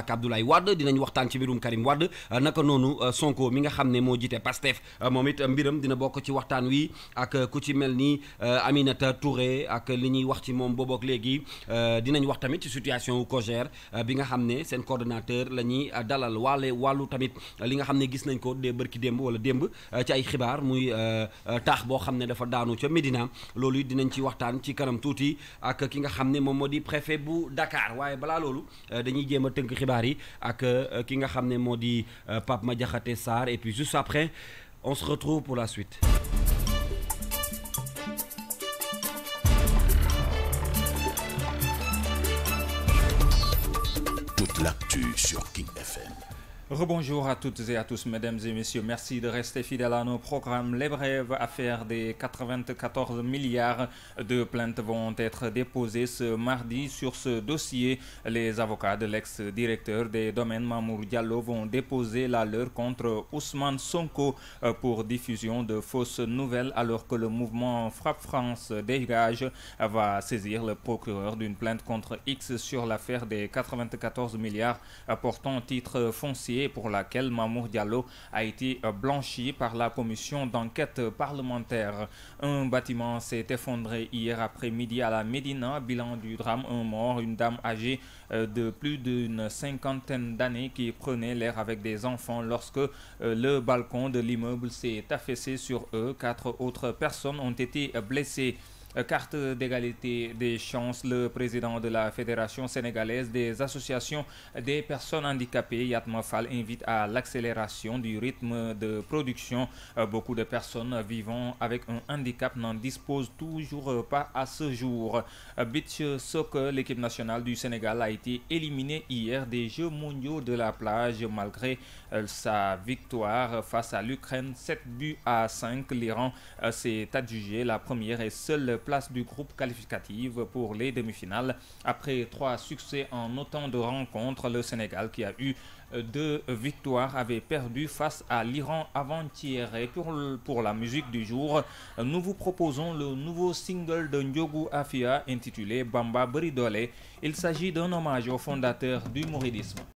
ak Abdoulaye Wade dinañ waxtaan ci mbirum Karim Wade euh, naka noonu euh, Sonko mi nga xam ne moo jiite Pastef euh, moom it mbiram dina bokk ci waxtaan wi ak ku ci mel ni Aminata Touré ak li ñuy wax ci moom boobook léegi dinañ wax tamit ci situation wu COJER bi nga xam ne seen coordonnateur la ñuy dalal waale wàllu tamit li nga xam ne gis nañ ko dee bërki démb wala démb ci ay xibaar muy taax boo xam ne dafa daanu ca Médina loolu dinañ ci waxtaan ci kanam tuuti ak ki nga à que ak euh, ki nga euh, Pape Madiakhaté et puis juste après on se retrouve pour la suite. Toute l'actu sur King FM. Rebonjour à toutes et à tous, mesdames et messieurs. Merci de rester fidèles à nos programmes. Les brèves affaires des 94 milliards de plaintes vont être déposées ce mardi sur ce dossier. Les avocats de l'ex-directeur des domaines Mamour Diallo vont déposer la leur contre Ousmane Sonko euh, pour diffusion de fausses nouvelles alors que le mouvement Frappe France dégage va saisir le procureur d'une plainte contre X sur l'affaire des 94 milliards euh, portant titre foncier pour laquelle Mamour Diallo a été euh, blanchi par la commission d'enquête parlementaire. Un bâtiment s'est effondré hier après-midi à la Médina. Bilan du drame, un mort, une dame âgée euh, de plus d'une cinquantaine d'années qui prenait l'air avec des enfants lorsque euh, le balcon de l'immeuble s'est affaissé sur eux. Quatre autres personnes ont été blessées. Euh, carte d'égalité des chances, le président de la Fédération sénégalaise des associations des personnes handicapées, Yatma Fall, invite à l'accélération du rythme de production. Euh, beaucoup de personnes vivant avec un handicap n'en disposent toujours pas à ce jour. Euh, Beach Soccer, l'équipe nationale du Sénégal, a été éliminée hier des Jeux mondiaux de la plage malgré sa victoire face à l'Ukraine 7 buts à 5. L'Iran s'est adjugé la première et seule place du groupe qualificatif pour les demi-finales. Après trois succès en autant de rencontres, le Sénégal qui a eu euh, deux victoires avait perdu face à l'Iran avant-hier. Et pour, pour la musique du jour, nous vous proposons le nouveau single de Ndiogu Afia intitulé Bamba Bridole. Il s'agit d'un hommage au fondateur du mouridisme.